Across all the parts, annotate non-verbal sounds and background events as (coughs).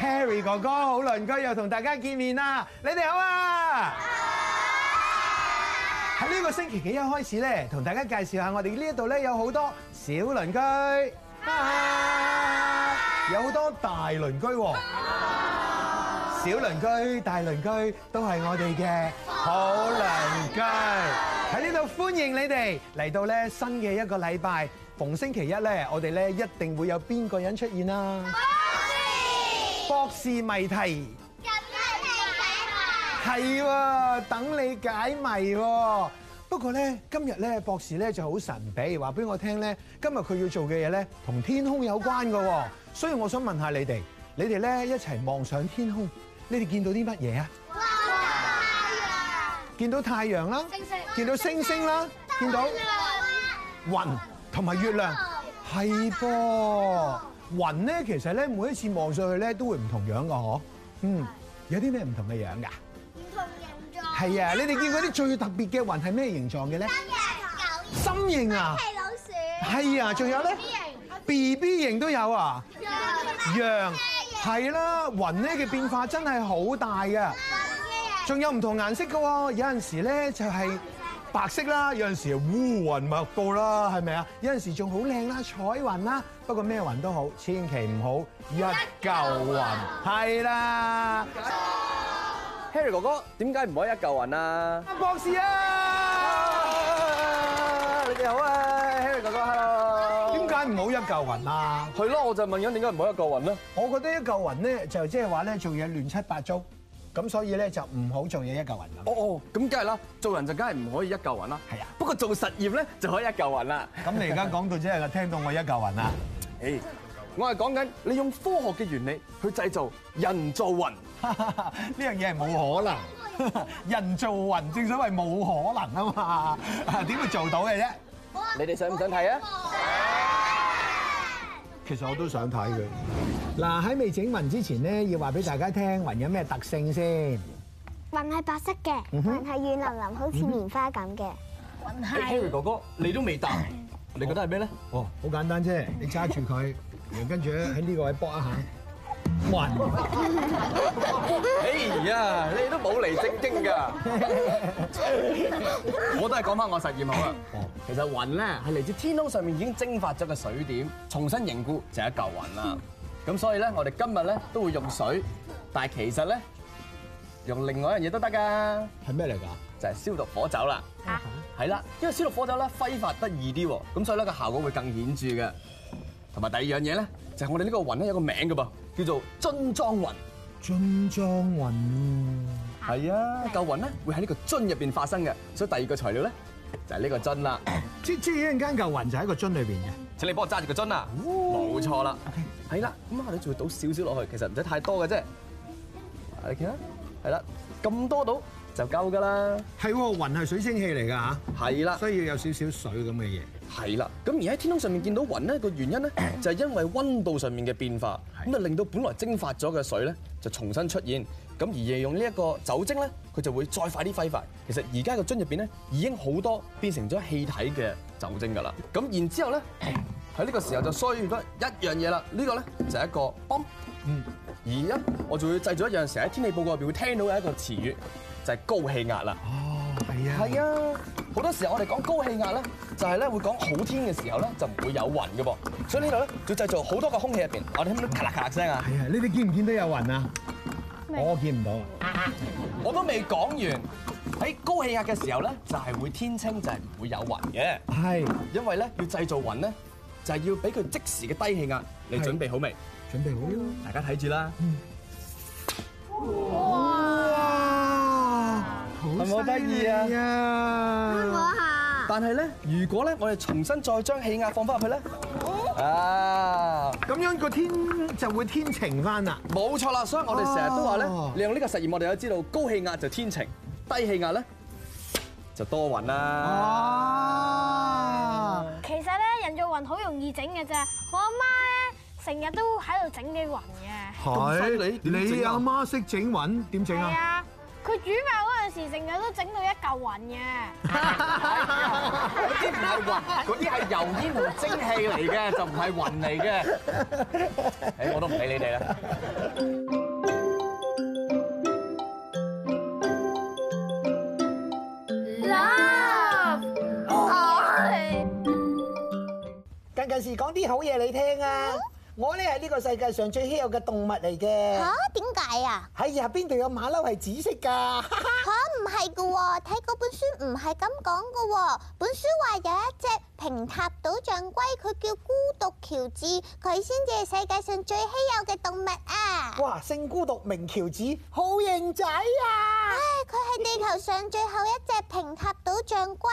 Harry 哥哥好鄰居又同大家見面啦！你哋好呀！喺呢個星期幾一開始咧，同大家介紹下，我哋呢一度咧有好多小鄰居，有好多大鄰居喎。小鄰居、大鄰居都係我哋嘅好鄰居，喺呢度歡迎你哋嚟到咧新嘅一個禮拜。逢星期一咧，我哋咧一定會有邊個人出現啦？博士，博士謎題，解，係等你解謎喎。 (noise) 不過咧，今日咧，博士咧就好神秘，話俾我聽咧，今日佢要做嘅嘢咧，同天空有關嘅喎。陽所以我想問下你哋，你哋咧一齊望上天空，你哋見到啲乜嘢啊？見到太陽啦，見式到星星啦，見式到雲。同埋月亮係噃。雲咧，其實咧每一次望上去咧都會唔同樣噶嗬。對嗯，有啲咩唔同嘅樣㗎？唔同形狀係啊！你哋見過啲最特別嘅雲係咩形狀嘅咧？心形啊！係老鼠。係啊！仲有咧？B B 型都有啊！羊係啦，啊，雲咧嘅變化真係好大嘅，啊。仲有唔同顏色㗎喎，有陣時咧就係白色啦，有陣時烏雲密佈啦，係咪啊？有陣時仲好靚啦，彩雲啦。不過咩雲都好，千祈唔好一嚿雲。係啦 (laughs) ，Harry 哥哥點解唔可以一嚿雲啊？博士 (laughs) 啊，你哋好啊，Harry 哥哥，hello。點解唔好一嚿雲啊？係咯， (laughs) 我就問緊點解唔好一嚿雲咧？我覺得一嚿雲咧就即係話咧做嘢亂七八糟。咁所以咧就唔好做嘢一嚿雲啦。哦哦，咁梗係啦，做人就梗係唔可以一嚿雲啦。係啊，不過做實驗咧就可以一嚿雲啦。咁 (laughs) 你而家講到即係聽到我一嚿雲啦。誒， (laughs) hey, 我係講緊你用科學嘅原理去製造人造雲，呢樣嘢係冇可能。 (laughs) 人造雲正所謂冇可能啊嘛，點 (laughs) (laughs) 會做到嘅啫？ (laughs) 你哋想唔想睇啊？ (music) 其實我都想睇佢。嗱，喺未整雲之前咧，要話俾大家聽，雲有咩特性先？雲係白色嘅，雲係軟腍腍，好似棉花咁嘅。雲係。Harry 哥哥，你都未答，你覺得係咩咧？哦，好簡單啫，你揸住佢，然後跟住喺呢個位卜一下。雲，哎呀， (noise) hey, 你都冇嚟正經㗎， (laughs) 我都係講翻我實驗好啦。 (noise) 其實雲咧，係嚟自天空上面已經蒸發咗嘅水點，重新凝固就係一嚿雲啦。咁 (noise) 所以咧，我哋今日咧都會用水，但係其實咧用另外一樣嘢都得㗎。係咩嚟㗎？就係消毒火酒啦。嚇，係 (noise) 啦， (noise) 因為消毒火酒咧揮發得易啲喎，咁所以咧個效果會更顯著嘅。同埋第二樣嘢咧，就係、是、我哋呢個雲咧有個名㗎噃。叫做樽裝雲，樽裝雲，係啊，一嚿 (noise) 雲咧會喺呢個樽入邊發生嘅，所以第二個材料咧就係、是、呢個樽啦。即即 (coughs) 一陣間嚿雲就喺個樽裏邊嘅。請你幫我揸住個樽啊！冇、哦、錯啦，係啦 Okay.。咁我你仲要倒少少落去，其實唔使太多嘅啫。你見啦，係 (noise) 啦，咁多倒就夠㗎啦。係喎，雲係水蒸氣嚟㗎嚇，係啦，需 (noise) 要有少少水咁嘅嘢。係啦，咁而喺天空上面見到雲呢個原因咧就係因為温度上面嘅變化，咁就的令到本來蒸發咗嘅水咧就重新出現，咁而利用呢一個酒精咧，佢就會再快啲揮發。其實而家個樽入邊咧已經好多變成咗氣體嘅酒精㗎啦。咁 (laughs) 然之後咧，喺呢個時候就需要咗一樣嘢啦。這個、呢個咧就係、是、一個泵，嗯、而啊，我仲要製造一樣成日喺天氣報告入邊會聽到嘅一個詞語，就係、是、高氣壓啦。哦，係啊，係啊。好多時候我哋講高氣壓咧，就係咧會講好天嘅時候咧，就唔會有雲嘅噃。所以呢度咧要製造好多個空氣入邊，我哋聽到咔啦咔啦聲啊。係啊，你哋見唔見到有雲啊？的我見唔到。我都未講完，喺高氣壓嘅時候咧，就係會天清，就係唔會有雲嘅。係的，因為咧要製造雲咧，就係要俾佢即時嘅低氣壓。你準備好未？準備好啦。大家睇住啦。嗯好得意啊！但係咧，如果咧，我哋重新再將氣壓放翻入去咧，啊，咁樣個天就會天晴翻啦。冇錯啦，所以我哋成日都話咧，利用呢個實驗，我哋都知道高氣壓就天晴，低氣壓咧就多雲啦。哦，其實咧，人造雲好容易整嘅啫。我阿媽咧，成日都喺度整啲雲嘅。係？你你阿媽識整雲，點整啊？係啊，佢煮飯嗰。成日都整到一嚿雲嘅，嗰啲唔係雲，嗰啲係油煙同蒸氣嚟嘅，就唔係雲嚟嘅。誒，我都唔理你哋啦。Love，哦，近近時講啲好嘢你聽啊！我呢係呢個世界上最稀有嘅動物嚟嘅。嚇？點解啊？喺呀邊度有馬騮係紫色㗎？係睇嗰本書唔係咁講噶。本書話有一隻平塔島象龜，佢叫孤獨喬治，佢先至係世界上最稀有嘅動物啊！哇，姓孤獨名喬治，好型仔啊！唉、哎，佢係地球上最後一隻平塔島象龜，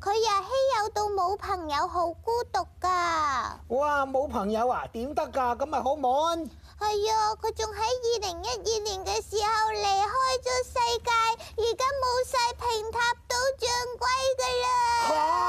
佢又稀有到冇朋友獨，好孤獨噶。哇，冇朋友啊，點得噶？咁咪好悶。係啊，佢仲喺二零一二年嘅時候離開咗世界，而家冇晒平塔島象龜嘅啦。吓、啊，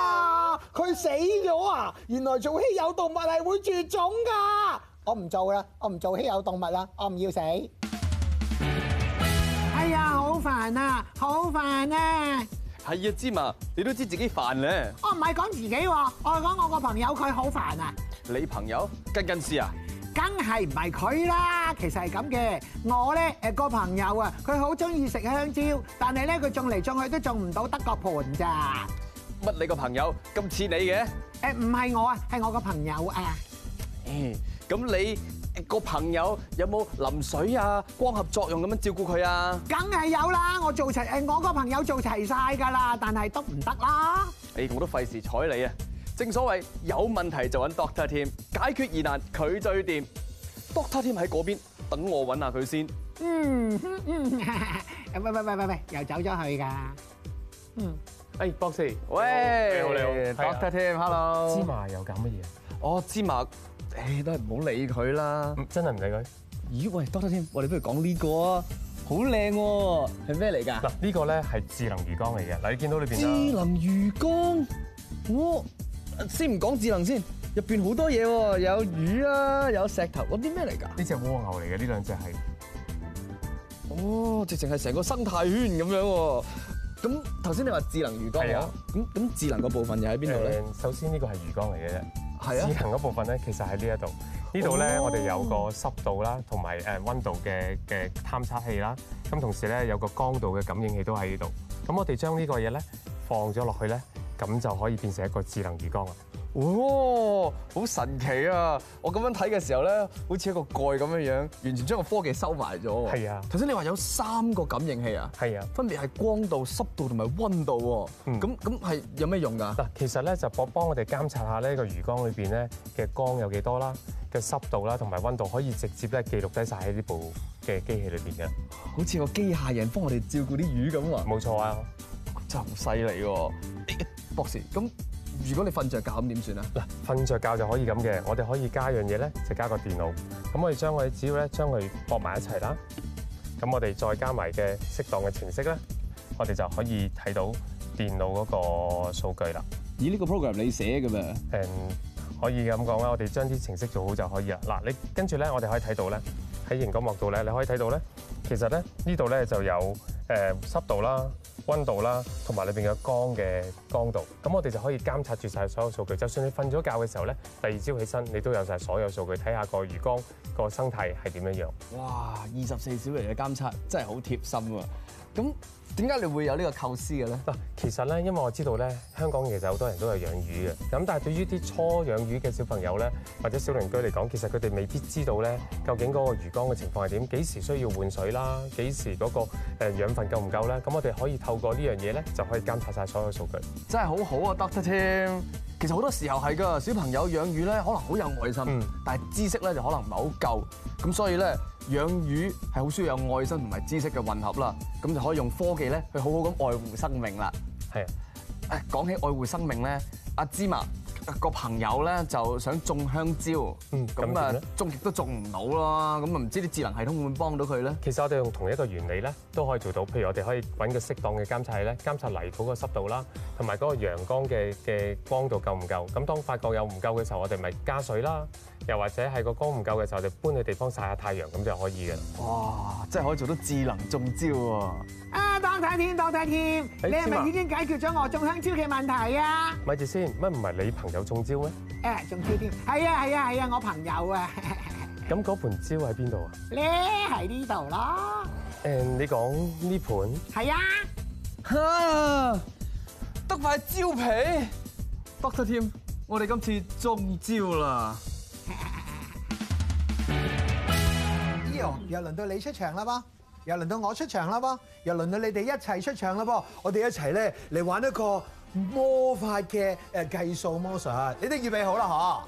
佢死咗啊！原來做稀有動物係會絕種噶。我唔做啦，我唔做稀有動物啦，我唔要死。哎呀，好煩啊，好煩啊！係啊，芝麻，你都知自己煩咧。我唔係講自己，我係講我個朋友佢好煩啊。你朋友跟跟斯啊？梗係唔係佢啦？其實係咁嘅，我咧誒個朋友啊，佢好中意食香蕉，但係咧佢種嚟種去都種唔到德國盤咋。乜你個朋友咁似你嘅？誒唔係我啊，係我個朋友啊。誒，咁你個朋友有冇淋水啊？光合作用咁樣照顧佢啊？梗係有啦，我做齊誒，我個朋友做齊曬㗎啦，但係都唔得啦。誒，我都費事睬你啊！正所謂有問題就揾 Doctor Tim 解決疑難佢最掂，Doctor Tim 喺嗰邊等我揾下佢先。嗯嗯， (laughs) 喂喂喂喂喂，又走咗去㗎。嗯，哎，博士，喂，你好你好，Doctor Tim hello 芝麻又搞乜嘢？哦，芝麻，誒都係唔好理佢啦、嗯。真係唔理佢？咦喂，Doctor Tim 我哋不如講呢、這個、哦、啊，好靚喎，係咩嚟㗎？嗱呢個咧係智能魚缸嚟嘅，嗱你見到呢邊智能魚缸，哦。先唔講智能先，入邊好多嘢喎、哦，有魚啊，有石頭，嗰啲咩嚟㗎？呢隻蝸牛嚟嘅，呢兩隻係。哦，直情係成個生態圈咁樣喎、哦。咁頭先你話智能魚缸，咁咁係啊智能個部分又喺邊度咧？首先呢個係魚缸嚟嘅啫，係啊，智能個部分咧其實喺呢一度。呢度咧我哋有個濕度啦，同埋誒温度嘅嘅探測器啦。咁同時咧有個光度嘅感應器都喺呢度。咁我哋將呢個嘢咧放咗落去咧。咁就可以變成一個智能魚缸啊！哦，好神奇啊！我咁樣睇嘅時候咧，好似一個蓋咁樣樣，完全將個科技收埋咗。係啊！頭先你話有三個感應器啊？係啊，分別係光度、濕度同埋温度啊。嗯。咁咁係有咩用㗎？嗱，其實咧就幫幫我哋監察下呢個魚缸裏邊咧嘅光有幾多啦，嘅濕度啦同埋温度，可以直接咧記錄低晒喺呢部嘅機器裏邊嘅。好似個機械人幫我哋照顧啲魚咁啊！冇錯啊，就犀利喎！博士，咁如果你瞓着覺咁點算啊？嗱，瞓着覺就可以咁嘅，我哋可以加樣嘢咧，就加個電腦。咁我哋將佢只要咧將佢撲埋一齊啦。咁我哋再加埋嘅適當嘅程式咧，我哋就可以睇到電腦嗰個數據啦。以呢個 program 你寫嘅嘛？誒、嗯，可以咁講啦，我哋將啲程式做好就可以啦。嗱，你跟住咧，我哋可以睇到咧喺熒光幕度咧，你可以睇到咧，其實咧呢度咧就有誒、呃、濕度啦。溫度啦，同埋裏邊嘅光嘅光度，咁我哋就可以監察住晒所有數據。就算你瞓咗覺嘅時候咧，第二朝起身你都有晒所有數據，睇下個魚缸個生態係點樣樣。哇！二十四小時嘅監測真係好貼心啊！咁。點解你會有呢個構思嘅咧？嗱，其實咧，因為我知道咧，香港其實好多人都有養魚嘅。咁但係對於啲初養魚嘅小朋友咧，或者小鄰居嚟講，其實佢哋未必知道咧，究竟嗰個魚缸嘅情況係點，幾時需要換水啦，幾時嗰個誒養分夠唔夠咧？咁我哋可以透過呢樣嘢咧，就可以監察晒所有數據。真係好好啊，Doctor Tim 添。其實好多時候係噶，小朋友養魚咧、嗯，可能好有愛心，但係知識咧就可能唔係好夠。咁所以咧。養魚係好需要有愛心同埋知識嘅混合啦，咁就可以用科技咧去好好咁愛護生命啦。講係起愛護生命咧，阿芝麻。個朋友咧就想種香蕉，咁啊種極都種唔到咯，咁啊唔知啲智能系統會唔會幫到佢咧？其實我哋用同一個原理咧都可以做到，譬如我哋可以揾個適當嘅監測器咧，監測泥土個濕度啦，同埋嗰個陽光嘅嘅光度夠唔夠？咁當發覺有唔夠嘅時候，我哋咪加水啦，又或者係個光唔夠嘅時候，我哋搬去地方曬下太陽咁就可以嘅啦。哇！真係可以做到智能種蕉喎！啊！多謝添，多謝添，你係咪已經解決咗我種香蕉嘅問題啊？咪住先，乜唔係你朋友中招咩？誒，中招添，係啊係啊係啊，我朋友啊。咁嗰盤蕉喺邊度啊？咧喺呢度咯。誒，你講呢盤？係啊。嚇！得塊蕉皮，多謝添，我哋今次中招啦。Yo，又輪到你出場啦嘛？又輪到我出場啦噃，又輪到你哋一齊出場啦噃，我哋一齊咧嚟玩一個魔法嘅誒計數魔術，你哋預備好啦，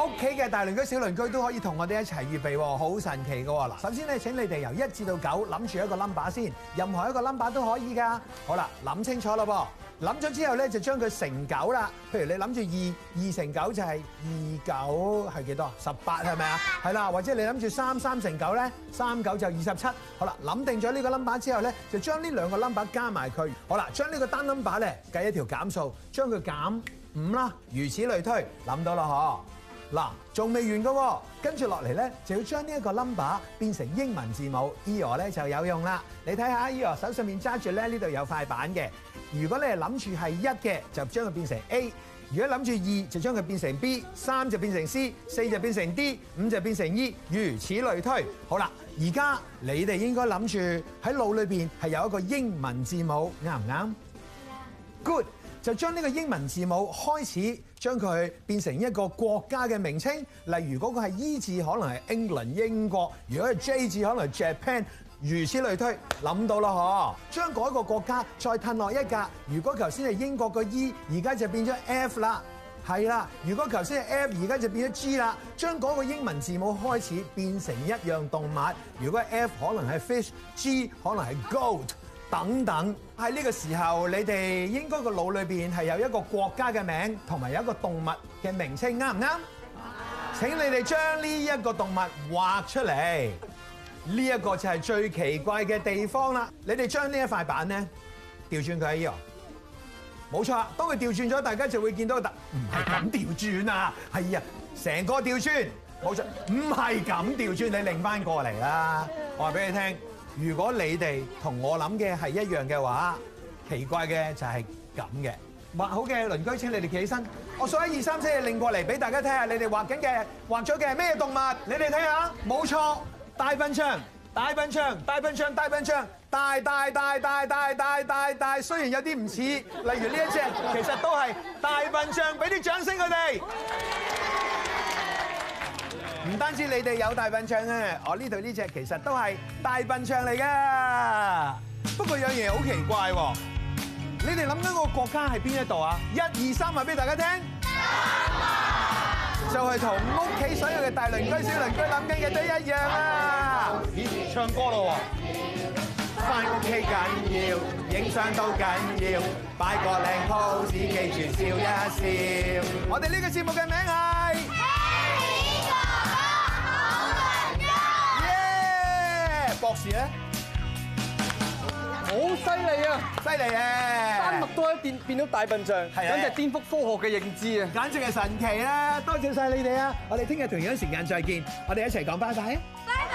屋企嘅大鄰居、小鄰居都可以同我哋一齊預備，好神奇㗎嗱。首先咧，請你哋由一至到九諗住一個 number 先，任何一個 number 都可以噶。好啦，諗清楚啦噃，諗咗之後咧，就將佢乘九啦。譬如你諗住二二乘九就係二九係幾多？十八係咪啊？係啦， (laughs) 或者你諗住三三乘九咧，三九就二十七。好啦，諗定咗呢個 number 之後咧，就將呢兩個 number 加埋佢。好啦，將呢個單 number 咧計一條減數，將佢減五啦。如此類推，諗到啦，嗬。嗱，仲未完㗎，跟住落嚟呢就要將呢一個 number 變成英文字母，Eo 呢就有用啦。你睇下 Eo 手上面揸住呢，呢度有塊板嘅。如果你係諗住係一嘅，就將佢變成 A；如果諗住二，就將佢變成 B；三就變成 C，四就變成 D，五就變成 E，如此類推。好啦，而家你哋應該諗住喺腦裏邊係有一個英文字母，啱唔啱？Good。就將呢個英文字母開始將佢變成一個國家嘅名稱，例如嗰個係 E 字可能係 England 英，英國，如果係 J 字可能係 Japan，如此類推，諗到啦呵，將嗰一個國家再褪落一格，如果頭先係英國個 E，而家就變咗 F 啦，係啦，如果頭先係 F，而家就變咗 G 啦，將嗰個英文字母開始變成一樣動物，如果係 F 可能係 fish，G 可能係 goat。等等，喺呢個時候，你哋應該個腦裏邊係有一個國家嘅名，同埋有一個動物嘅名稱，啱唔啱？啊、請你哋將呢一個動物畫出嚟。呢一個就係最奇怪嘅地方啦。你哋將呢一塊板呢，調轉佢喺呢度，冇錯啊！當佢調轉咗，大家就會見到佢唔係咁調轉啊！係啊，成個調轉冇錯，唔係咁調轉，你擰翻過嚟啦！我話俾你聽。如果你哋同我諗嘅係一樣嘅話，奇怪嘅就係咁嘅。畫好嘅鄰居，請你哋企起身，我數唔單止你哋有大笨象咧，我呢度呢隻其實都係大笨象嚟噶。不過樣嘢好奇怪喎，你哋諗緊個國家喺邊一度啊？一二三，話俾大家聽，就係同屋企所有嘅大鄰居、小鄰居諗緊嘅都一樣啦。唱歌咯喎，返屋企緊要，影相都緊要，擺個靚 pose，記住笑一笑。我哋呢個節目嘅名啊。好犀利啊！犀利啊！生物都一變變到大笨象，簡直係顛覆科學嘅認知啊！簡直係神奇啦！多謝晒你哋啊！我哋聽日同樣時間再見，我哋一齊講翻晒啊！拜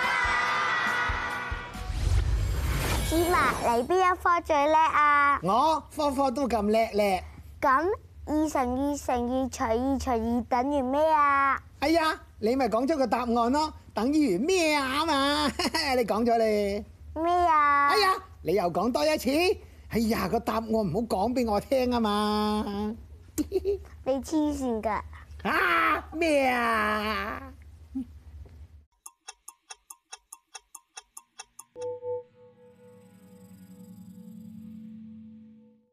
拜！芝麻，你邊一科最叻啊？我科科都咁叻叻。咁二乘二乘二除二除二等於咩啊？哎呀！你咪講咗個答案咯，等於咩啊嘛？你講咗咧咩啊？ (laughs) 啊哎呀，你又講多一次？哎呀，個答案唔好講俾我聽啊嘛！ (laughs) 你黐線噶啊，咩啊？